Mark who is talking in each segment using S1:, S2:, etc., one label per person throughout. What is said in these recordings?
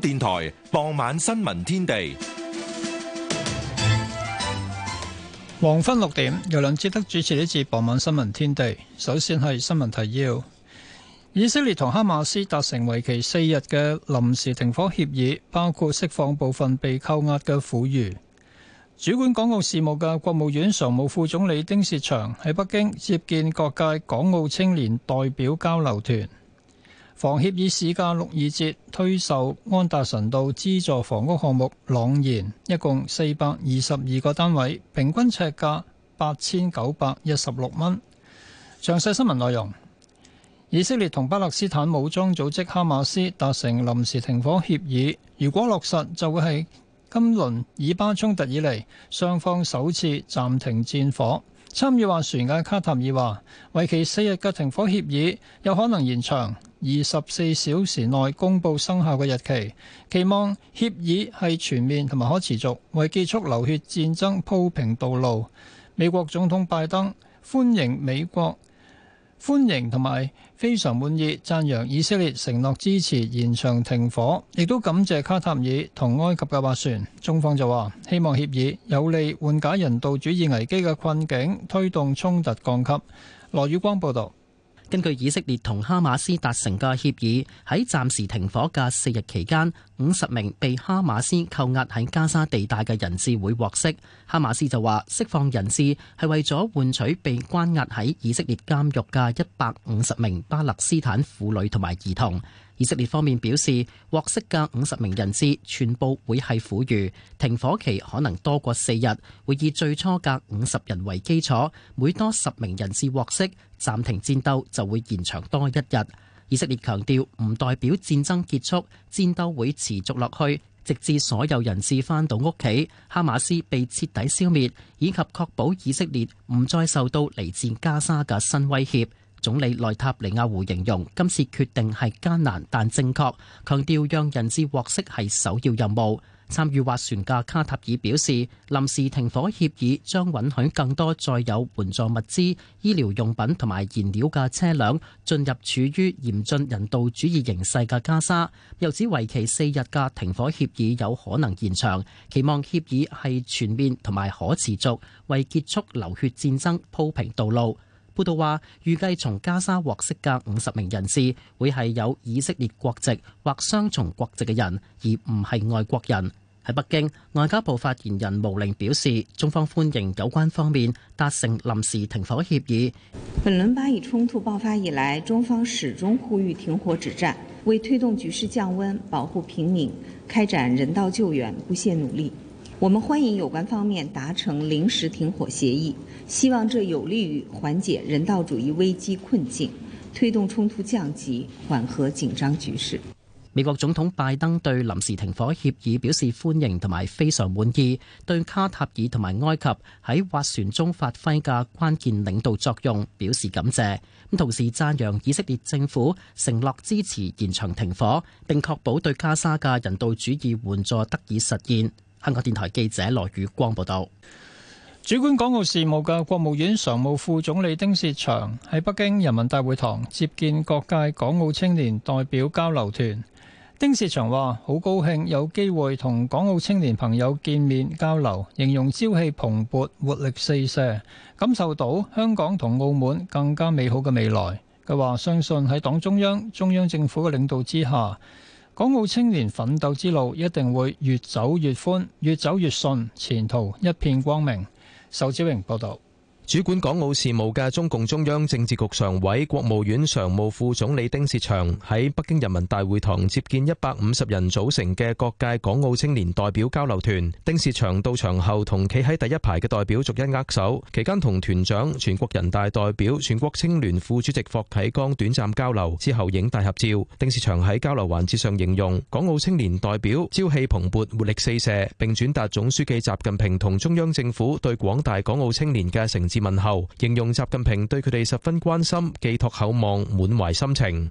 S1: 電台傍晚新聞天
S2: 地，黃昏六點由梁智德主持呢次傍晚新聞天地。首先係新聞提要：以色列同哈馬斯達成為期四日嘅臨時停火協議，包括釋放部分被扣押嘅婦孺。主管港澳事務嘅國務院常務副總理丁薛祥喺北京接見各界港澳青年代表交流團。房協以市價六二折推售安達臣道資助房屋項目朗然，一共四百二十二個單位，平均尺價八千九百一十六蚊。詳細新聞內容：以色列同巴勒斯坦武裝組織哈馬斯達成臨時停火協議，如果落實，就會係今輪以巴衝突以嚟雙方首次暫停戰火。參與斡旋嘅卡塔爾話，為期四日嘅停火協議有可能延長。二十四小時內公布生效嘅日期，期望協議係全面同埋可持續，為結束流血戰爭鋪平道路。美國總統拜登歡迎，美國歡迎同埋非常滿意，讚揚以色列承諾支持延長停火，亦都感謝卡塔爾同埃及嘅斡旋。中方就話希望協議有利緩解人道主義危機嘅困境，推
S3: 動衝突降級。羅宇光報道。根據以色列同哈馬斯達成嘅協議，喺暫時停火嘅四日期間，五十名被哈馬斯扣押喺加沙地帶嘅人質會獲釋。哈馬斯就話釋放人質係為咗換取被關押喺以色列監獄嘅一百五十名巴勒斯坦婦女同埋兒童。以色列方面表示，獲釋嘅五十名人質全部會係婦孺，停火期可能多過四日，會以最初嘅五十人為基礎，每多十名人質獲釋，暫停戰鬥就會延長多一日。以色列強調，唔代表戰爭結束，戰鬥會持續落去，直至所有人質翻到屋企，哈馬斯被徹底消滅，以及確保以色列唔再受到離戰加沙嘅新威脅。總理內塔尼亞胡形容今次決定係艱難但正確，強調讓人質獲釋係首要任務。參與斡旋嘅卡塔爾表示，臨時停火協議將允許更多載有援助物資、醫療用品同埋燃料嘅車輛進入處於嚴峻人道主義形勢嘅加沙。又指為期四日嘅停火協議有可能延長，期望協議係全面同埋可持續，為結束流血戰爭鋪平道路。報道話，預計從加沙獲釋嘅五十名人士會係有以色列國籍或雙重國籍嘅人，而唔係外國人。喺北京，外交部發言人毛寧表示，中方歡迎有關方面達成臨時停火協議。
S4: 本輪巴以衝突爆發以來，中方始終呼籲停火止戰，為推動局勢降溫、保護平民、開展人道救援，不懈努力。我們歡迎有關方面達成臨時停火協議。希望這有利於緩解人道主義危機困境，推動衝突降級，緩
S3: 和緊張局勢。美國總統拜登對臨時停火協議表示歡迎同埋非常滿意，對卡塔爾同埋埃及喺斡旋中發揮嘅關鍵領導作用表示感謝。咁同時讚揚以色列政府承諾支持延長停火，並確保對加沙嘅人道主義援助得以實現。香港電台記者羅宇光報道。主管港澳事務嘅國務院
S2: 常務副總理丁薛祥喺北京人民大會堂接見各界港澳青年代表交流團。丁薛祥話：好高興有機會同港澳青年朋友見面交流，形容朝氣蓬勃、活力四射，感受到香港同澳門更加美好嘅未來。佢話：相信喺黨中央、中央政府嘅領導之下，港澳青年奮鬥之路一定會越走越寬、越走越順，前途一片光明。仇志榮報道。
S5: 主管港澳事務嘅中共中央政治局常委、國務院常務副總理丁薛祥喺北京人民大會堂接見一百五十人組成嘅各界港澳青年代表交流團。丁薛祥到場後同企喺第一排嘅代表逐一握手，期間同團長、全國人大代表、全國青聯副主席霍啟剛短暫交流，之後影大合照。丁薛祥喺交流環節上形容港澳青年代表朝氣蓬勃、活力四射，並轉達總書記習近平同中央政府對廣大港澳青年嘅成。問候，形容習近平對佢哋十分關心，寄託厚望，滿懷深情。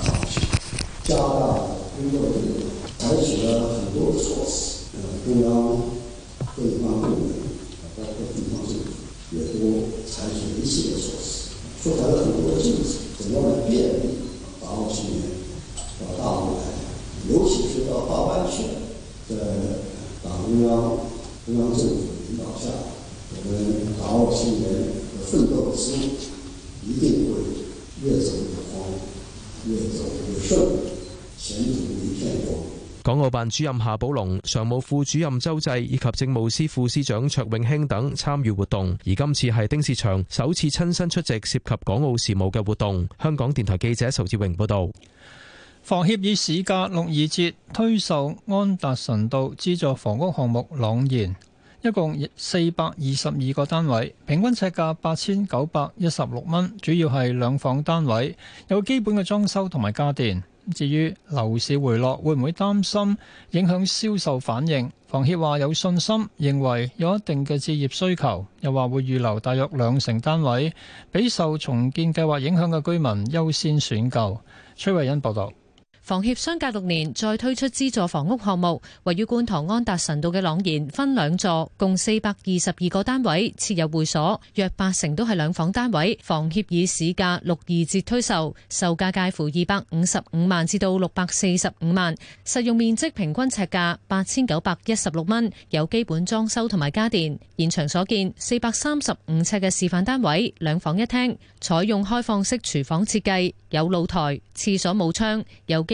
S3: 啊、加大工作力度，採取了很多的措施。呃、啊，中央
S5: 各有關部門，包括地方政府也都採取了一系列措施，出台了很多的政策，怎麼樣？辦主任夏寶龍、常務副主任周濟以及政務司副司長卓永興等參與活動，而今次係丁薛祥首次親身出席涉及港澳事務嘅活動。香港電台記者仇志榮報道。
S2: 房協以市價六二折推售安達臣道資助房屋項目朗然，一共四百二十二個單位，平均尺價八千九百一十六蚊，主要係兩房單位，有基本嘅裝修同埋家電。至於樓市回落，會唔會擔心影響銷售反應？房協話有信心，認為有一定嘅置業需求，又話會預留大約兩成單位，俾受重建計劃影響嘅居民優先選購。崔慧欣報道。
S6: 房協相隔六年再推出資助房屋項目，位於觀塘安達臣道嘅朗然分兩座，共四百二十二個單位，設有會所，約八成都係兩房單位。房協以市價六二折推售，售價介乎二百五十五萬至到六百四十五萬，實用面積平均尺價八千九百一十六蚊，有基本裝修同埋家電。現場所見，四百三十五尺嘅示範單位，兩房一廳，採用開放式廚房設計，有露台，廁所冇窗，有機。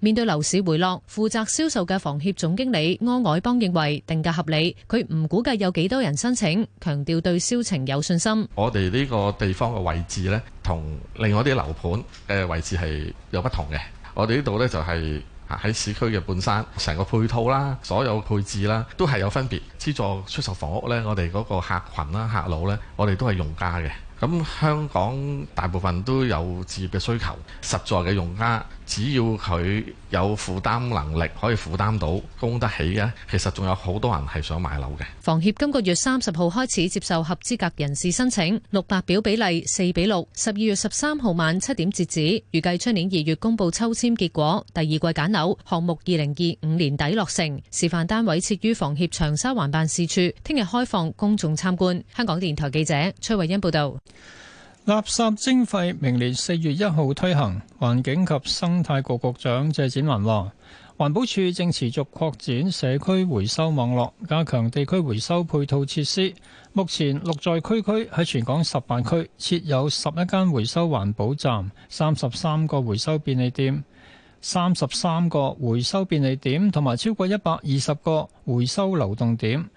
S6: 面對樓市回落，負責銷售嘅房協總經理安凱邦認為定價合理，佢唔估計有幾多人申請，強調對銷情有信心。
S5: 我哋呢個地方嘅位置呢，同另外啲樓盤嘅位置係有不同嘅。我哋呢度呢，就係喺市區嘅半山，成個配套啦，所有配置啦，都係有分別。資助出售房屋呢，我哋嗰個客群啦、客佬呢，我哋都係用家嘅。咁香港大部分都有置業嘅需求，實在嘅用家，只要佢有負擔能力，可以負擔到供得起嘅，其實仲有好多人係想買樓嘅。
S6: 房協今個月三十號開始接受合資格人士申請，六百表比例四比六，十二月十三號晚七點截止，預計出年二月公布抽籤結果。第二季揀樓項目二零二五年底落成，示範單位設於房協長沙灣辦事處，聽日開放公眾參觀，香港電台記者崔慧欣報道。
S2: 垃圾徵費明年四月一號推行，環境及生態局局長謝展寰話，環保署正持續擴展社區回收網絡，加強地區回收配套設施。目前綠在區區喺全港十八區設有十一間回收環保站、三十三個回收便利店、三十三個回收便利店同埋超過一百二十個回收流動點。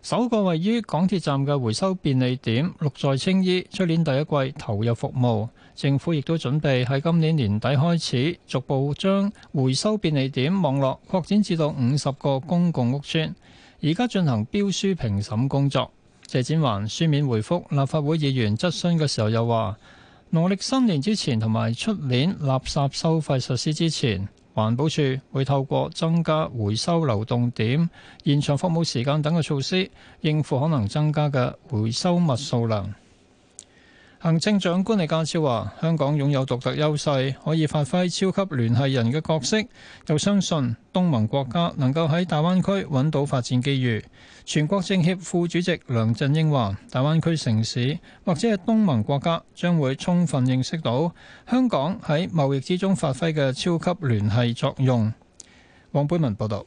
S2: 首個位於港鐵站嘅回收便利點，綠在青衣，出年第一季投入服務。政府亦都準備喺今年年底開始，逐步將回收便利點網絡擴展至到五十個公共屋邨，而家進行標書評審工作。謝展寰書面回覆立法會議員質詢嘅時候又話，農曆新年之前同埋出年垃圾收費實施之前，環保署會透過增加回收流動點、延長服務時間等嘅措施，應付可能增加嘅回收物數量。行政長官李家超話：香港擁有獨特優勢，可以發揮超級聯繫人嘅角色，又相信東盟國家能夠喺大灣區揾到發展機遇。全國政協副主席梁振英話：大灣區城市或者係東盟國家將會充分認識到香港喺貿易之中發揮嘅超級聯繫作用。黃貝文報道。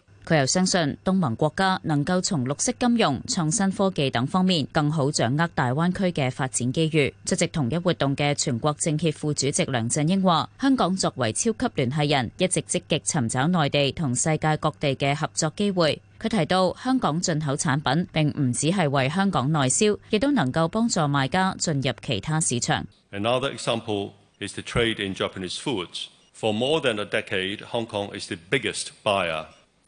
S7: 佢又相信東盟國家能夠從綠色金融、創新科技等方面更好掌握大灣區嘅發展機遇。出席同一活動嘅全國政協副主席梁振英話，香港作為超級聯繫人，一直積極尋找內地同世界各地嘅合作機會。佢提到，香港進口產品並唔只係為香港內銷，亦都能夠幫助賣家進入其他市場。
S2: Another example is the trade in Japanese foods.
S8: For more than a decade, Hong Kong is the biggest buyer.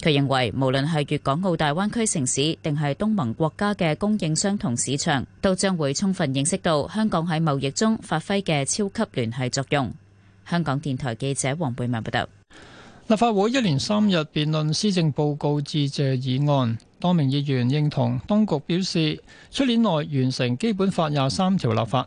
S7: 佢認為，無論係粵港澳大灣區城市，定係東盟國家嘅供應商同市場，都將會充分認識到香港喺貿易中發揮嘅超級聯繫作用。香港電台記者黃貝文報道。
S2: 立法會一連三日辯論施政報告致謝議案，多名議員認同，當局表示，出年內完成基本法廿三條立法。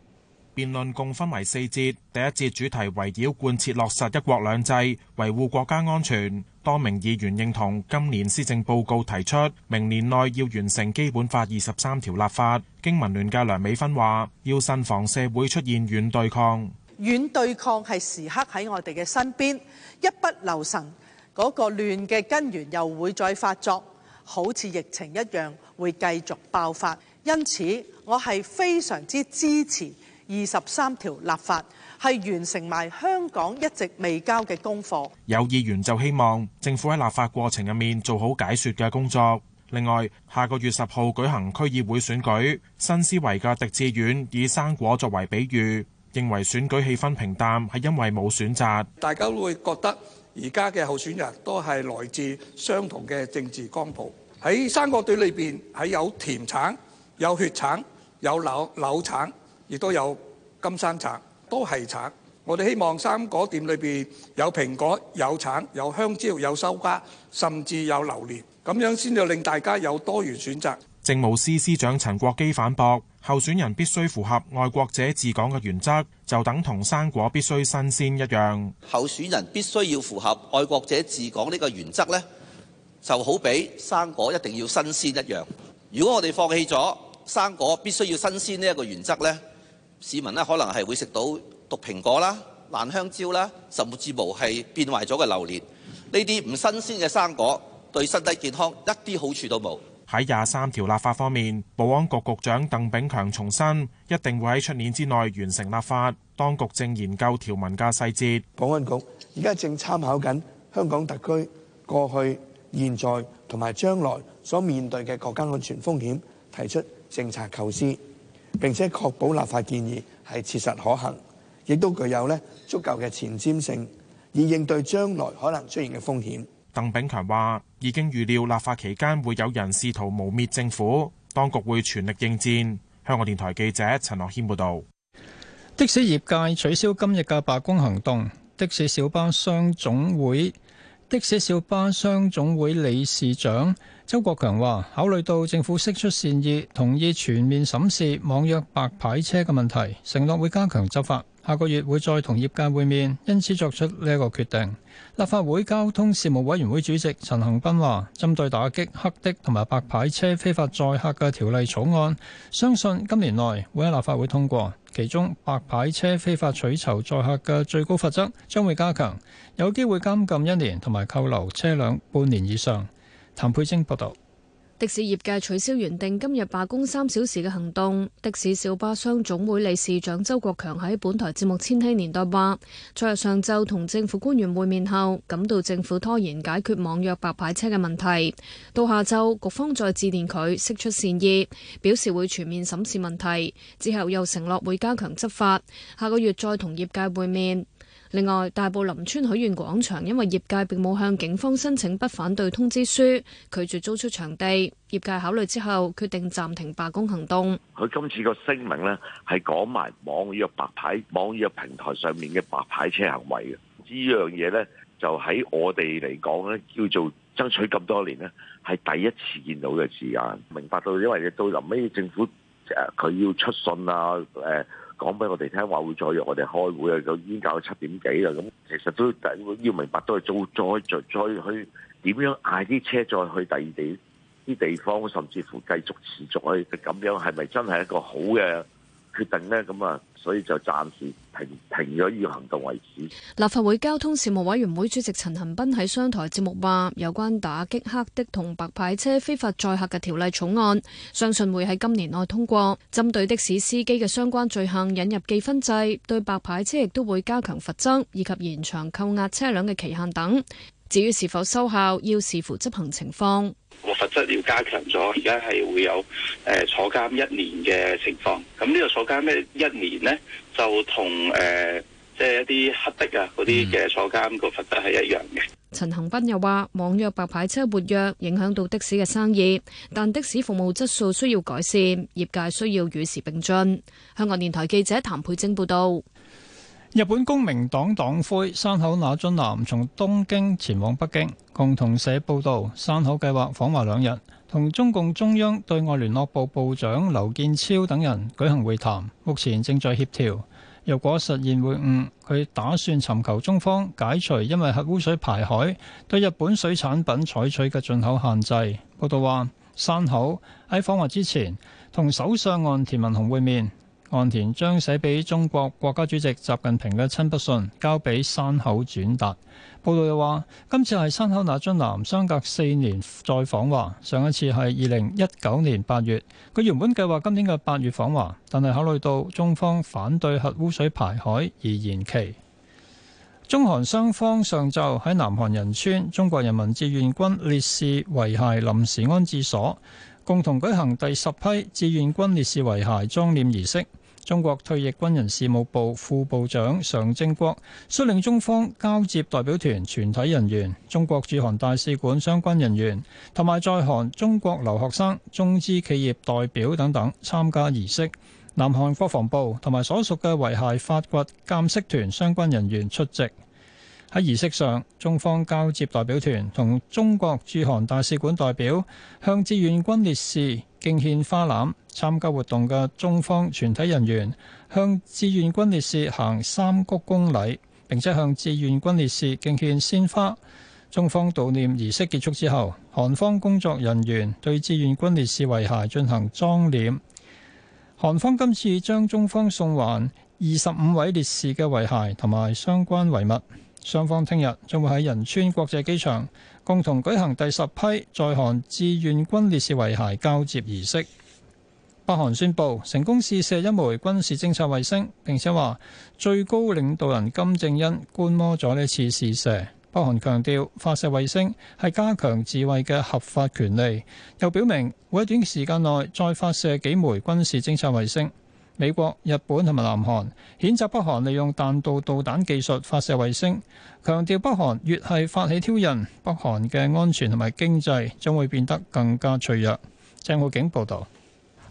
S1: 辯論共分為四節，第一節主題圍繞貫徹落實一國兩制，維護國家安全。多名議員認同今年施政報告提出，明年內要完成基本法二十三條立法。經民聯嘅梁美芬話：要慎防社會出現軟對抗，
S9: 軟對抗係時刻喺我哋嘅身邊，一不留神嗰個亂嘅根源又會再發作，好似疫情一樣會繼續爆發。因此，我係非常之支持。二十三條立法係完成埋香港一直未交
S5: 嘅功課。
S1: 有議員就希望政府喺立法過程入面做好解説嘅工作。另外，下個月十號舉行區議會選舉，新思維嘅狄志遠以生果作為比喻，認為選舉氣氛平淡係因為冇選擇。大家
S5: 會覺得而家嘅候選人都係來自相同嘅政治光譜。喺生果隊裏邊係有甜橙、有血橙、有柳柳橙，亦都有金山橙，都係橙。我哋希望生果店裏邊有蘋果、有橙、有香蕉、有收瓜，甚至有榴蓮，咁樣先至令大家有多元選擇。
S1: 政務司司長陳國基反駁，候選人必須符合愛國者治港嘅原則，就等同生果必須新鮮一樣。
S5: 候選人必須要符合愛國者治港呢個原則咧，就好比生果一定要新鮮一樣，如果我哋放棄咗生果必須要新鮮呢一個原則咧，市民呢可能係會食到毒蘋果啦、爛香蕉啦、甚至乎係變壞咗嘅榴槤，呢啲唔新鮮嘅生果對身體健康一啲好處
S1: 都冇。喺廿三條立法方面，保安局局長鄧炳強重申，一定會喺出年之內完成立法，當局正研究條文嘅細節。保安局而
S5: 家正參考緊香港特區過去、現在同埋將來所面對嘅國家安全風險，提出政策構思。並且確保立法建議係切實可行，亦都具有咧足夠嘅前瞻性，以應對將來可能出現嘅風險。
S1: 鄧炳強話：已經預料立法期間會有人試圖誣衊政府，當局會全力應戰。香港電台記者陳樂軒報導。的士業界取消今日嘅罷工行動，的士小巴
S2: 商總會。的士小巴商總會理事長周國強話，考慮到政府釋出善意，同意全面審視網約白牌車嘅問題，承諾會加強執法。下個月會再同業界會面，因此作出呢一個決定。立法會交通事務委員會主席陳恒斌話，針對打擊黑的同埋白牌車非法載客嘅條例草案，相信今年內會喺立法會通過。其中白牌車非法取酬載客嘅最高罰則將會加強，有機會監禁一年同埋扣留車輛半年以上。譚佩清報導。
S4: 的士業界取消原定今日罷工三小時嘅行動。的士小巴商總會理事長周國強喺本台節目《千禧年代》話，昨日上晝同政府官員會面後，感到政府拖延解決網約白牌車嘅問題。到下晝，局方再致電佢，釋出善意，表示會全面審視問題。之後又承諾會加強執法，下個月再同業界會面。另外，大埔林村許願廣場因為業界並冇向警方申請不反對通知書，拒絕租出場地，業界考慮之後決定暫停罷工行動。
S8: 佢今次個聲明咧，係講埋網約白牌、網約平台上面嘅白牌車行為嘅。呢樣嘢咧，就喺我哋嚟講咧，叫做爭取咁多年咧，係第一次見到嘅字眼。明白到，因為到臨尾政府誒，佢要出信啊，誒。講俾我哋聽話會再約我哋開會啊！就已經搞到七點幾啦，咁其實都等要明白都係做再再，再去點樣嗌啲車再去第二地啲地方，甚至乎繼續持續去咁樣，係咪真係一個好嘅決定咧？咁啊～所以就暫時停停咗依個行動為止。
S4: 立法會交通事務委員會主席陳恒斌喺商台節目話：有關打擊黑的同白牌車非法載客嘅條例草案，相信會喺今年內通過。針對的士司機嘅相關罪行引入記分制，對白牌車亦都會加強罰則，以及延長扣押車輛嘅期限等。至於是否收效，要視乎執行情況。
S8: 個罰則要
S5: 加強咗，而家係會有誒、呃、坐監一年嘅情況。咁呢個坐監咩
S8: 一年呢，就同誒、呃、即係一啲黑的啊嗰啲嘅坐監個罰則係一樣嘅。嗯、
S4: 陳恒斌又話：網約白牌車活躍，影響到的士嘅生意，但的士服務質素需要改善，業界需要與時並進。香港電台記者譚佩晶報導。
S2: 日本公明黨黨魁山口那津男從東京前往北京。共同社報道，山口計劃訪華兩日，同中共中央對外聯絡部部長劉建超等人舉行會談。目前正在協調，若果實現會晤，佢打算尋求中方解除因為核污水排海對日本水產品採取嘅進口限制。報道話，山口喺訪華之前同首相岸田文雄會面。岸田將寫俾中國國家主席習近平嘅親筆信交俾山口轉達。報道又話，今次係山口那津男相隔四年再訪華，上一次係二零一九年八月。佢原本計劃今年嘅八月訪華，但係考慮到中方反對核污水排海而延期。中韓雙方上晝喺南韓仁川中國人民志願軍烈士遺骸臨時安置所共同舉行第十批志願軍烈士遺骸裝殮儀式。中國退役軍人事務部副部長常正國率領中方交接代表團全體人員、中國駐韓大使館相關人員同埋在韓中國留學生、中資企業代表等等參加儀式。南韓國防部同埋所屬嘅遺骸發掘鑒識團相關人員出席。喺儀式上，中方交接代表團同中國駐韓大使館代表向志願軍烈士敬獻花籃。參加活動嘅中方全體人員向志願軍烈士行三鞠躬禮，並且向志願軍烈士敬獻鮮花。中方悼念儀式結束之後，韓方工作人員對志願軍烈士遺骸進行裝殮。韓方今次將中方送還二十五位烈士嘅遺骸同埋相關遺物。雙方聽日將會喺仁川國際機場共同舉行第十批在韓志願軍烈士遺骸交接儀式。北韓宣佈成功試射一枚軍事偵察衛星，並且話最高領導人金正恩觀摩咗呢次試射。北韓強調發射衛星係加強自衛嘅合法權利，又表明會喺短時間內再發射幾枚軍事偵察衛星。美國、日本同埋南韓譴責北韓利用彈道導彈技術發射衛星，強調北韓越係發起挑釁，北韓嘅安全同埋經濟將會變得更加脆弱。鄭浩景報道：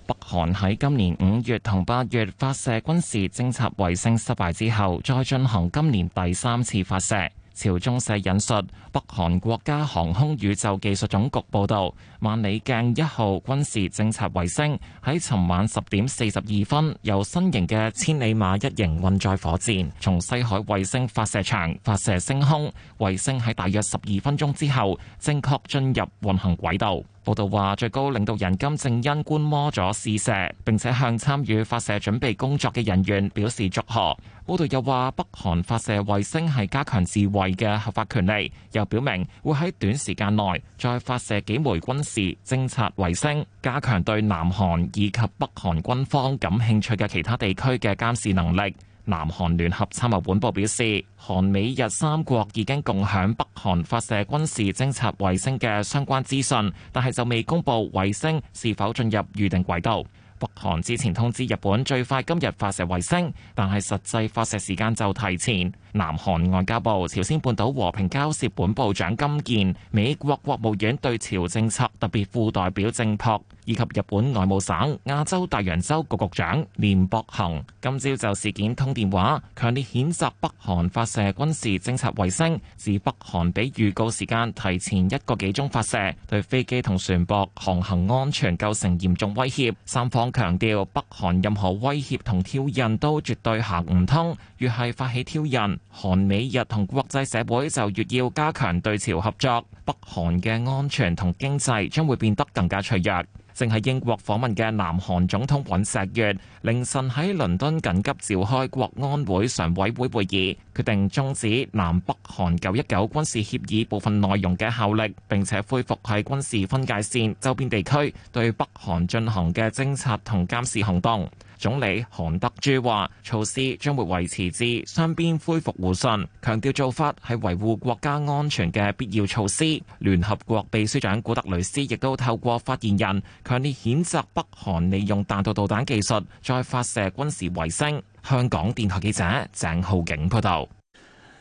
S8: 北韓喺今年五月同八月發射軍事偵察衛星失敗之後，再進行今年第三次發射。朝中社引述北韓國家航空宇宙技術總局報道，萬里鏡一號軍事偵察衛星喺尋晚十點四十二分，由新型嘅千里馬一型運載火箭從西海衛星發射場發射升空，衛星喺大約十二分鐘之後，正確進入運行軌道。報道話，最高領導人金正恩觀摩咗試射，並且向參與發射準備工作嘅人員表示祝賀。報道又話，北韓發射衛星係加強自衛嘅合法權利，又表明會喺短時間內再發射幾枚軍事偵察衛星，加強對南韓以及北韓軍方感興趣嘅其他地區嘅監視能力。南韓聯合參謀本部表示，韓美日三國已經共享北韓發射軍事偵察衛星嘅相關資訊，但係就未公布衛星是否進入預定軌道。北韓之前通知日本最快今日發射衛星，但係實際發射時間就提前。南韓外交部、朝鮮半島和平交涉本部長金健、美國國務院對朝政策特別副代表鄭樸、以及日本外務省亞洲大洋洲局局長連博恒今朝就事件通電話，強烈譴責北韓發射軍事偵察衛星，指北韓比預告時間提前一個幾鐘發射，對飛機同船舶航行安全構成嚴重威脅。三方強調，北韓任何威脅同挑釁都絕對行唔通，越係發起挑釁，韓美日同國際社會就越要加強對朝合作。北韓嘅安全同經濟將會變得更加脆弱。正喺英國訪問嘅南韓總統尹錫悦凌晨喺倫敦緊急召開國安會常委會會議，決定中止南北韓919軍事協議部分內容嘅效力，並且恢復喺軍事分界線周邊地區對北韓進行嘅偵察同監視行動。總理韓德洙話，措施將會維持至雙邊恢復互信，強調做法係維護國家安全嘅必要措施。聯合國秘書長古特雷斯亦都透過發言人強烈譴責北韓利用彈道導彈技術再發射軍事衛星。香港電台記者鄭浩景報道。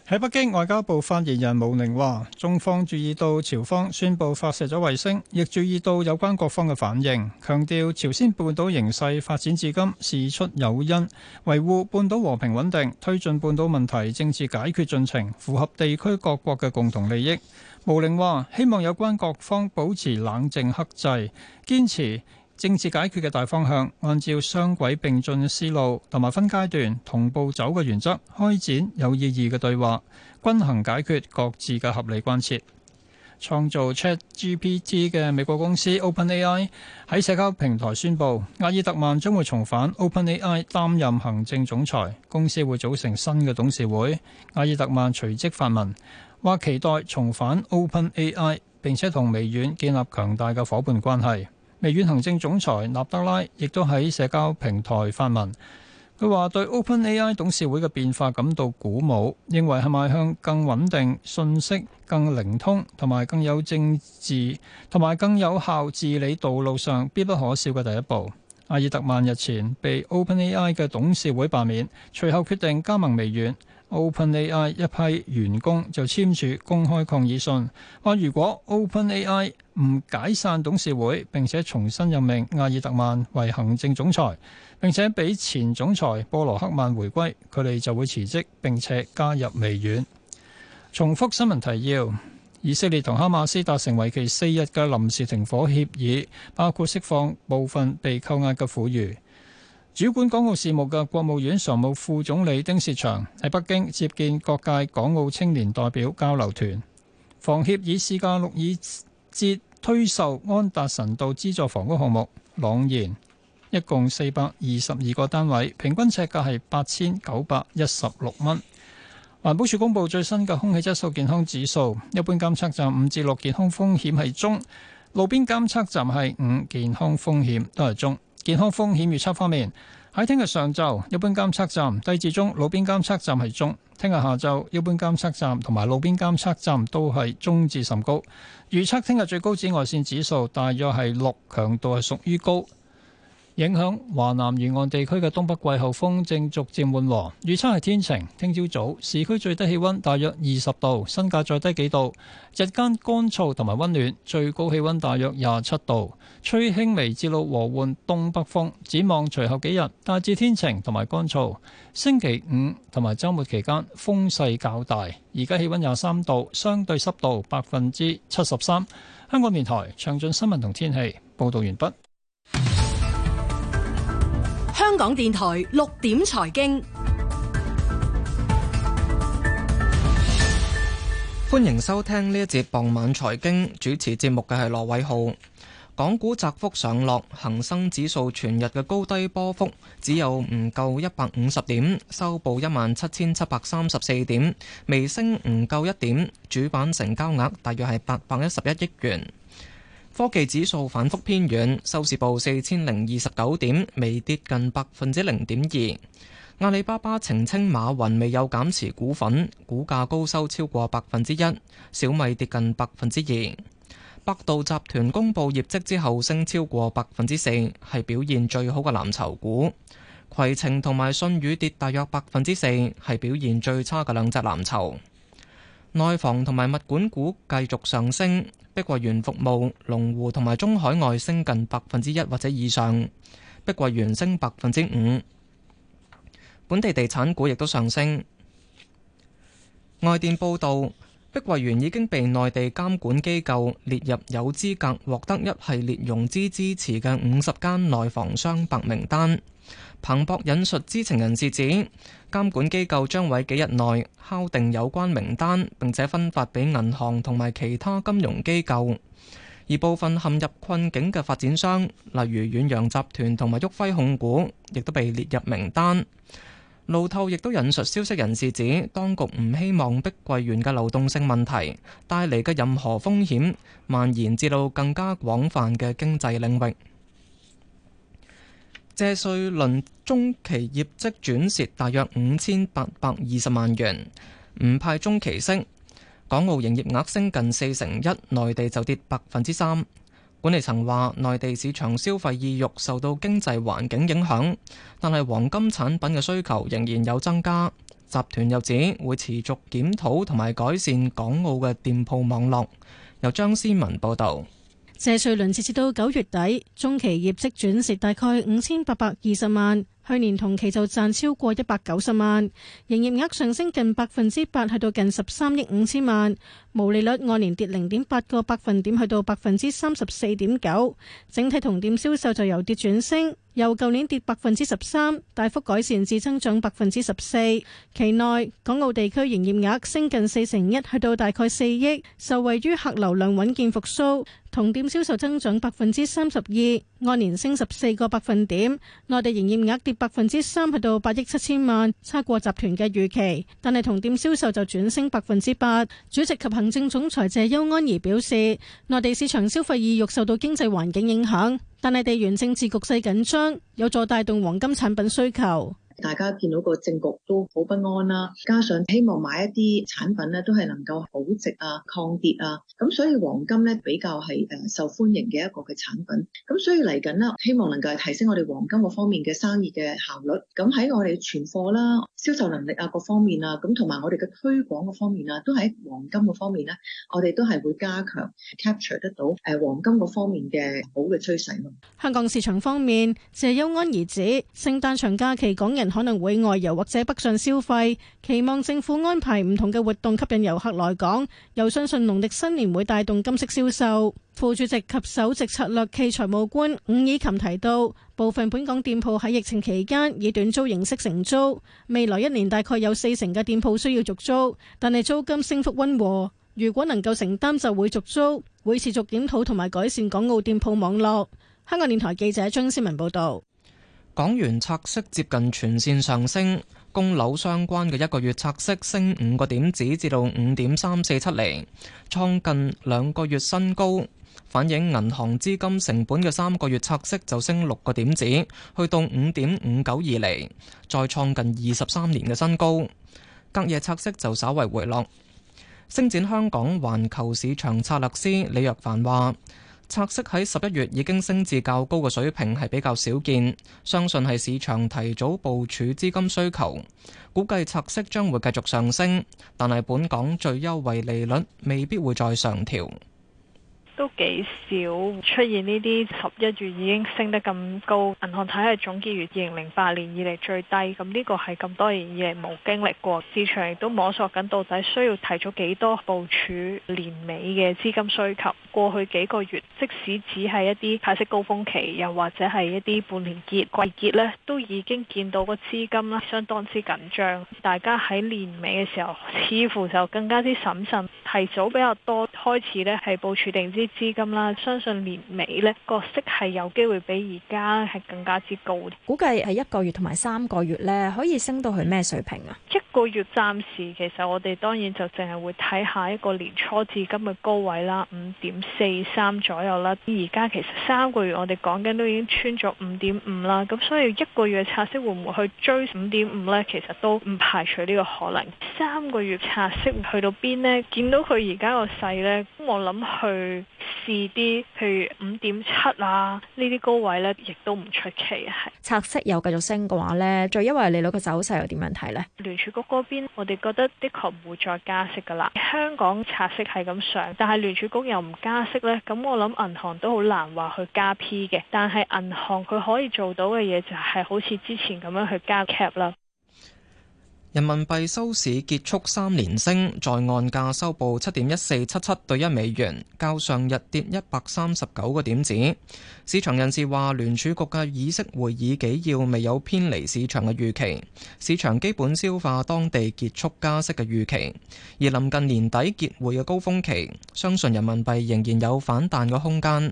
S2: 喺北京，外交部發言人毛寧話，中方注意到朝方宣布發射咗衛星，亦注意到有關各方嘅反應，強調朝鮮半島形勢發展至今事出有因，維護半島和平穩定、推進半島問題政治解決進程，符合地區各國嘅共同利益。毛寧話，希望有關各方保持冷靜克制，堅持。政治解決嘅大方向，按照雙軌並進嘅思路同埋分階段同步走嘅原則，開展有意義嘅對話，均衡解決各自嘅合理關切。創造 ChatGPT 嘅美國公司 OpenAI 喺社交平台宣布，亞爾特曼將會重返 OpenAI 擔任行政總裁，公司會組成新嘅董事會。亞爾特曼隨即發文話：期待重返 OpenAI，並且同微軟建立強大嘅伙伴關係。微軟行政總裁納德拉亦都喺社交平台發文，佢話對 OpenAI 董事會嘅變化感到鼓舞，認為係邁向更穩定、信息更靈通、同埋更有政治同埋更有效治理道路上必不可少嘅第一步。阿爾特曼日前被 OpenAI 嘅董事會罷免，隨後決定加盟微軟。OpenAI 一批員工就簽署公開抗議信，話如果 OpenAI 唔解散董事會，並且重新任命亞爾特曼為行政總裁，並且俾前總裁波羅克曼回歸，佢哋就會辭職並且加入微軟。重複新聞提要：以色列同哈馬斯達成為期四日嘅臨時停火協議，包括釋放部分被扣押嘅婦孺。主管港澳事務嘅國務院常務副總理丁薛祥喺北京接見各界港澳青年代表交流團。房協以市價六二折推售安達臣道資助房屋項目朗然，一共四百二十二個單位，平均尺價係八千九百一十六蚊。環保署公布最新嘅空氣質素健康指數，一般監測站五至六健康風險係中，路邊監測站係五健康風險都係中。健康風險預測方面，喺聽日上晝一般監測站低至中，路邊監測站係中；聽日下晝一般監測站同埋路邊監測站都係中至甚高。預測聽日最高紫外線指數大約係六，強度係屬於高。影響華南沿岸地區嘅東北季候風正逐漸緩和，預測係天晴。聽朝早市區最低氣温大約二十度，新界再低幾度。日間乾燥同埋温暖，最高氣温大約廿七度，吹輕微至路和緩東北風。展望隨後幾日大致天晴同埋乾燥。星期五同埋週末期間風勢較大。而家氣温廿三度，相對濕度百分之七十三。香港電台詳盡新聞同天氣報導完畢。
S10: 香港電台六點財經，
S11: 歡迎收聽呢一節傍晚財經。主持節目嘅係羅偉浩。港股窄幅上落，恒生指數全日嘅高低波幅只有唔夠一百五十點，收報一萬七千七百三十四點，微升唔夠一點。主板成交額大約係八百一十一億元。科技指數反覆偏軟，收市報四千零二十九點，微跌近百分之零點二。阿里巴巴澄清馬雲未有減持股份，股價高收超過百分之一。小米跌近百分之二。百度集團公布業績之後，升超過百分之四，係表現最好嘅藍籌股。攜程同埋信宇跌大約百分之四，係表現最差嘅兩隻藍籌。內房同埋物管股繼續上升，碧桂園服務、龍湖同埋中海外升近百分之一或者以上，碧桂園升百分之五。本地地產股亦都上升。外電報道，碧桂園已經被內地監管機構列入有資格獲得一系列融資支持嘅五十間內房商白名單。彭博引述知情人士指。監管機構將會幾日內敲定有關名單，並且分發俾銀行同埋其他金融機構。而部分陷入困境嘅發展商，例如遠洋集團同埋旭輝控股，亦都被列入名單。路透亦都引述消息人士指，當局唔希望碧桂園嘅流動性問題帶嚟嘅任何風險蔓延至到更加廣泛嘅經濟領域。謝瑞麟中期業績轉蝕，大約五千八百二十萬元，唔派中期息。港澳營業額升近四成一，內地就跌百分之三。管理層話，內地市場消費意欲受到經濟環境影響，但係黃金產品嘅需求仍然有增加。集團又指會持續檢討同埋改善港澳嘅店鋪網絡。由張思文報導。
S10: 謝瑞麟截至到九月底，中期業績轉蝕大概五千八百二十萬，去年同期就賺超過一百九十萬，營業額上升近百分之八，去到近十三億五千萬，毛利率按年跌零點八個百分點，去到百分之三十四點九，整體同店銷售就由跌轉升。由舊年跌百分之十三，大幅改善至增長百分之十四。期內港澳地區營業額升近四成一，去到大概四億，受惠於客流量穩健復甦，同店銷售增長百分之三十二，按年升十四個百分點。內地營業額跌百分之三，去到八億七千萬，差過集團嘅預期，但係同店銷售就轉升百分之八。主席及行政總裁謝邱安怡表示，內地市場消費意欲受到經濟環境影響。但係地緣政治局勢緊張，有助帶動黃金產品需求。
S9: 大家見到個政局都好不安啦，加上希望買一啲產品咧都係能夠保值啊、抗跌啊，咁所以黃金咧比較係誒受歡迎嘅一個嘅產品。咁所以嚟緊咧，希望能夠提升我哋黃金嗰方面嘅生意嘅效率。咁喺我哋存貨啦、銷售能力啊各方面啊，咁同埋我哋嘅推廣嗰方面啊，都喺黃金嗰方面咧，我哋都係會加強 capture 得到誒黃金嗰方面嘅好嘅趨勢。
S10: 香港市場方面，謝優安而止聖誕長假期港人，可能會外遊或者北上消費，期望政府安排唔同嘅活動吸引遊客來港，又相信農曆新年會帶動金色銷售。副主席及首席策略暨財務官伍以琴提到，部分本港店鋪喺疫情期間以短租形式承租，未來一年大概有四成嘅店鋪需要續租，但係租金升幅溫和，如果能夠承擔就會續租，會持續檢討同埋改善港澳店鋪網絡。香港電台記者張思文報道。
S11: 港元拆息接近全線上升，供樓相關嘅一個月拆息升五個點子至，至到五點三四七釐，創近兩個月新高。反映銀行資金成本嘅三個月拆息就升六個點子，去到五點五九二釐，再創近二十三年嘅新高。隔夜拆息就稍為回落。星展香港環球市場策略師李若凡話。拆息喺十一月已經升至較高嘅水平，係比較少見，相信係市場提早部署資金需求。估計拆息將會繼續上升，但係本港最優惠利率未必會再上調。
S12: 都幾少出現呢啲十一月已經升得咁高，銀行體系總結餘二零零八年以嚟最低，咁呢個係咁多年以嚟冇經歷過。市場亦都摸索緊，到底需要提早幾多部署年尾嘅資金需求。過去幾個月，即使只係一啲派息高峰期，又或者係一啲半年結季結咧，都已經見到個資金啦，相當之緊張。大家喺年尾嘅時候，似乎就更加之審慎，提早比較多開始咧，係部署定啲資金啦。相信年尾咧，個息係有機會比而家係更加之高。估計係一個月同埋三個月咧，可以升到去咩水平啊？一個月暫時其實我哋當然就淨係會睇下一個年初至今嘅高位啦，五點。四三左右啦，而家其實三個月我哋講緊都已經穿咗五點五啦，咁所以一個月嘅拆息會唔會去追五點五呢？其實都唔排除呢個可能。三個月拆息去到邊呢？見到佢而家個勢呢，我諗去試啲，譬如五點七啊呢啲高位呢，亦都唔出奇。係拆息又繼續升嘅話呢，最優惠利率嘅走勢又點樣睇呢？聯儲局嗰邊我哋覺得的確唔會再加息噶啦，香港拆息係咁上，但係聯儲局又唔加。加息咧，咁我諗銀行都好難話去加 P 嘅，但係銀行佢可以做到嘅嘢就係好似之前咁樣去加 Cap 啦。
S11: 人民幣收市結束三連升，在岸價收報七點一四七七對一美元，較上日跌一百三十九個點子。市場人士話，聯儲局嘅議息會議紀要未有偏離市場嘅預期，市場基本消化當地結束加息嘅預期，而臨近年底結匯嘅高峰期，相信人民幣仍然有反彈嘅空間。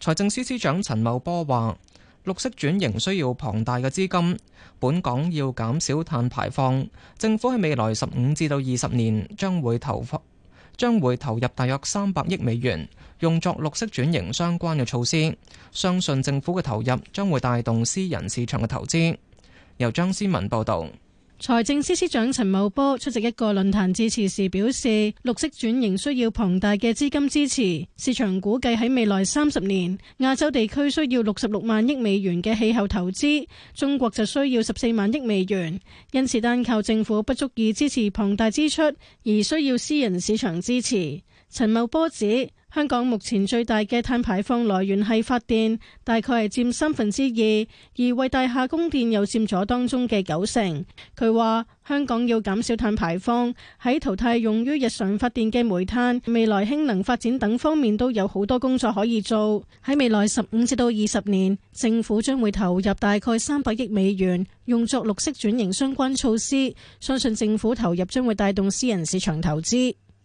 S11: 財政司司長陳茂波話。綠色轉型需要龐大嘅資金，本港要減少碳排放，政府喺未來十五至到二十年將會投將會投入大約三百億美元，用作綠色轉型相關嘅措施。相信政府嘅投入將會帶動私人市場嘅投資。由張思文報導。
S10: 財政司司長陳茂波出席一個論壇致辭時表示，綠色轉型需要龐大嘅資金支持。市場估計喺未來三十年，亞洲地區需要六十六萬億美元嘅氣候投資，中國就需要十四萬億美元。因此，單靠政府不足以支持龐大支出，而需要私人市場支持。陳茂波指，香港目前最大嘅碳排放來源係發電，大概係占三分之二，而為大廈供電又占咗當中嘅九成。佢話香港要減少碳排放，喺淘汰用於日常發電嘅煤炭，未來氫能發展等方面都有好多工作可以做。喺未來十五至到二十年，政府將會投入大概三百億美元用作綠色轉型相關措施，相信政府投入將會帶動私人市場投資。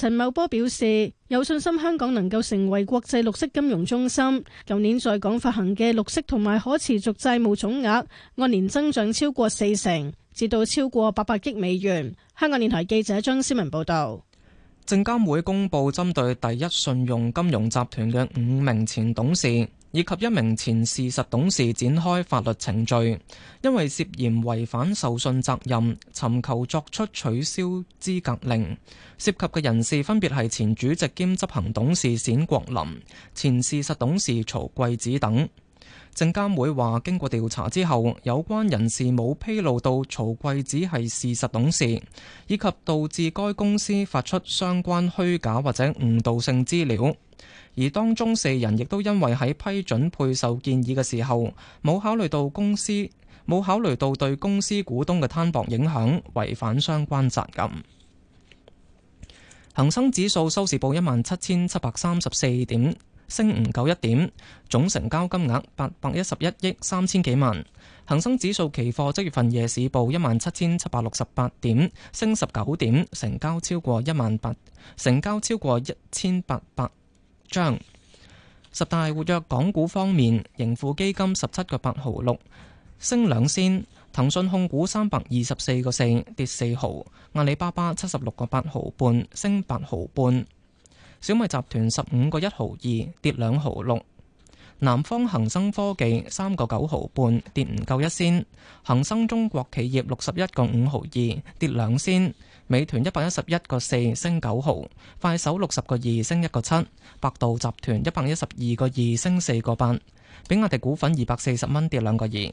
S10: 陳茂波表示有信心香港能夠成為國際綠色金融中心。舊年在港發行嘅綠色同埋可持續債務總額按年增長超過四成，至到超過八百億美元。香港電台記者張思
S11: 文報道。證監會公布針對第一信用金融集團嘅五名前董事，以及一名前事實董事展開法律程序，因為涉嫌違反受信責任，尋求作出取消資格令。涉及嘅人士分別係前主席兼執行董事冼國林、前事實董事曹貴子等。證監會話：經過調查之後，有關人士冇披露到曹貴子係事實董事，以及導致該公司發出相關虛假或者誤導性資料。而當中四人亦都因為喺批准配售建議嘅時候冇考慮到公司冇考慮到對公司股東嘅攤薄影響，違反相關責任。恒生指數收市報一萬七千七百三十四點，升唔夠一點，總成交金額八百一十一億三千幾萬。恒生指數期貨即月份夜市報一萬七千七百六十八點，升十九點，成交超過一萬八，成交超過一千八百。張十大活躍港股方面，盈富基金十七個八毫六升兩仙，騰訊控股三百二十四個四跌四毫，阿里巴巴七十六個八毫半升八毫半，小米集團十五個一毫二跌兩毫六。南方恒生科技三個九毫半跌唔夠一仙，恒生中國企業六十一個五毫二跌兩仙，美團一百一十一個四升九毫，快手六十個二升一個七，百度集團一百一十二個二升四個八，比亞迪股份二百四十蚊跌兩個二。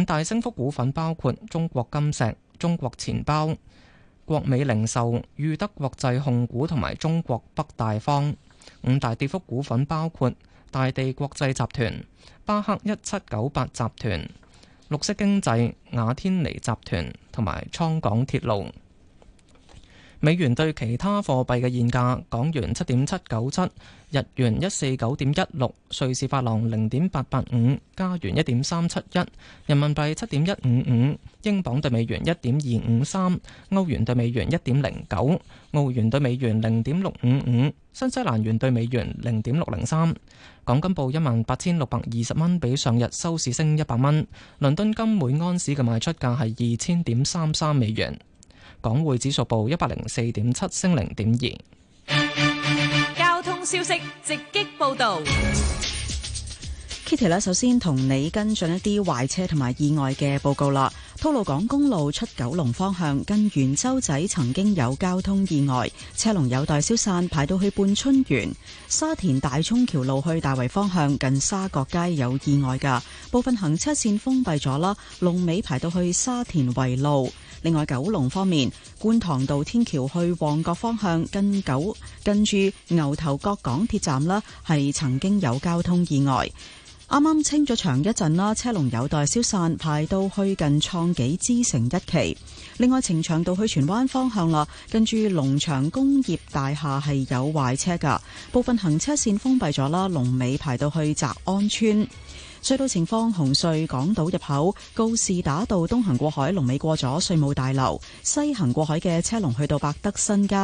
S11: 五大升幅股份包括中國金石、中國錢包、國美零售、裕德國際控股同埋中國北大方。五大跌幅股份包括。大地國際集團、巴克一七九八集團、綠色經濟、雅天尼集團同埋滄港鐵路。美元對其他貨幣嘅現價：港元七點七九七，日元一四九點一六，瑞士法郎零點八八五，加元一點三七一，人民幣七點一五五，英鎊對美元一點二五三，歐元對美元一點零九，澳元對美元零點六五五。新西蘭元兌美元零點六零三，港金報一萬八千六百二十蚊，比上日收市升一百蚊。倫敦金每安士嘅賣出價係二千點三三美元，港匯指數報一百零
S9: 四點七，升零點二。
S4: 交通消息直擊報道。
S9: Kitty 咧，首先同你跟進一啲壞車同埋意外嘅報告啦。吐露港公路出九龍方向，近元洲仔曾經有交通意外，車龍有待消散，排到去半春園。沙田大涌橋路去大圍方向，近沙角街有意外噶，部分行車線封閉咗啦，龍尾排到去沙田圍路。另外，九龍方面，觀塘道天橋去旺角方向，近九近住牛頭角港鐵站啦，係曾經有交通意外。啱啱清咗場一陣啦，車龍有待消散，排到去近創紀之城一期。另外，呈祥道去荃灣方向啦，跟住龍翔工業大廈係有壞車噶，部分行車綫封閉咗啦，龍尾排到去澤安村隧道情況：紅隧港島入口告士打道東行過海，龍尾過咗稅務大樓；西行過海嘅車龍去到百德新街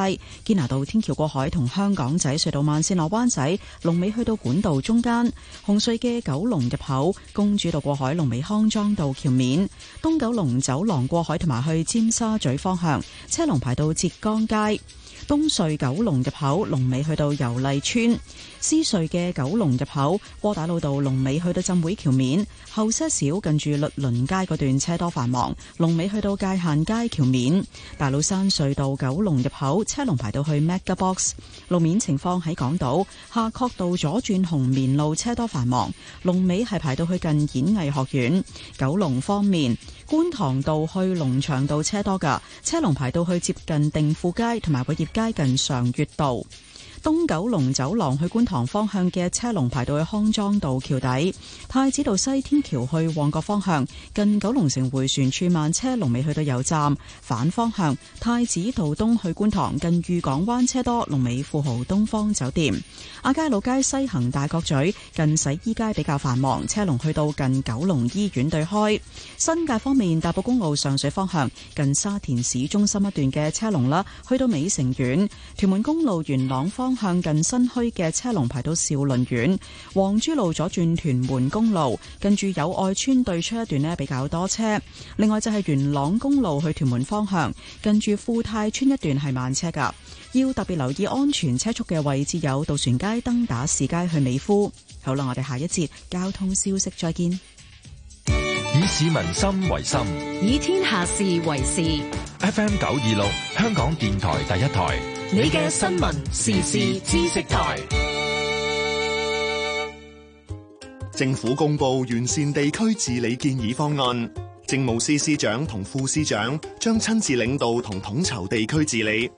S9: 堅拿道天橋過海同香港仔隧道慢線落灣仔，龍尾去到管道中間。紅隧嘅九龍入口公主道過海，龍尾康莊道橋面；東九龍走廊過海同埋去尖沙咀方向，車龍排到浙江街。東隧九龍入口龍尾去到油麗邨；獅隧嘅九龍入口窩打老道龍尾去到浸會。橋面後車少，近住律倫街嗰段車多繁忙，龍尾去到界限街橋面。大老山隧道九龍入口車龍排到去 Mega Box。路面情況，喺港島夏愨道左轉紅棉路車多繁忙，龍尾係排到去近演藝學院。九龍方面，觀塘道去龍翔道車多㗎，車龍排到去接近定富街同埋偉業街近常悅道。東九龍走廊去觀塘方向嘅車龍排到去康莊道橋底，太子道西天橋去旺角方向，近九龍城回旋處慢車龍尾去到油站，反方向太子道東去觀塘近御港灣車多，龍尾富豪東方酒店，亞皆老街西行大角咀近洗衣街比較繁忙，車龍去到近九龍醫院對開。新界方面，大埔公路上水方向近沙田市中心一段嘅車龍啦，去到美城苑，屯門公路元朗方。向近新墟嘅車龍排到兆麟苑，黃珠路左轉屯門公路，近住友愛村對出一段呢比較多車。另外就係元朗公路去屯門方向，近住富泰村一段係慢車噶，要特別留意安全車速嘅位置有渡船街、登打士街去美孚。好啦，我哋下一節交通消息再見。
S8: 以市民心為心，以天下事為事。FM 九二六，香港電台第一台。你嘅新聞時事知識台，政府公布完善地區治理建議方案，政務司司長同副司長將親自領導同統籌地區治理。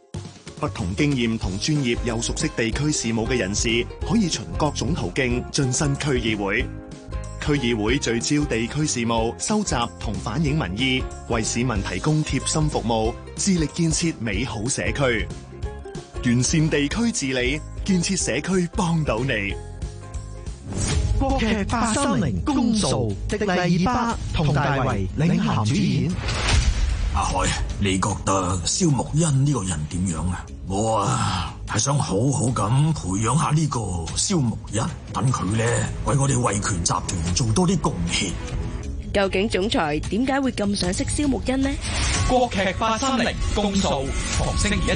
S8: 不同經驗同專業又熟悉地區事務嘅人士，可以循各種途徑進身區議會。區議會聚焦地區事務，收集同反映民意，為市民提供貼心服務，致力建設美好社區。完善地區治理，建設社區，幫到你。
S1: 國劇八三零公訴，迪麗熱巴、佟大
S8: 為領銜主演。阿海，你覺得蕭木恩呢個人點樣啊？我啊，係想好好咁培養下呢個蕭木恩，等佢咧為我哋維權集團做多啲貢獻。
S9: 究竟總裁
S7: 點解會咁賞識蕭木恩呢？國劇八
S9: 三零公訴，
S8: 唐星怡。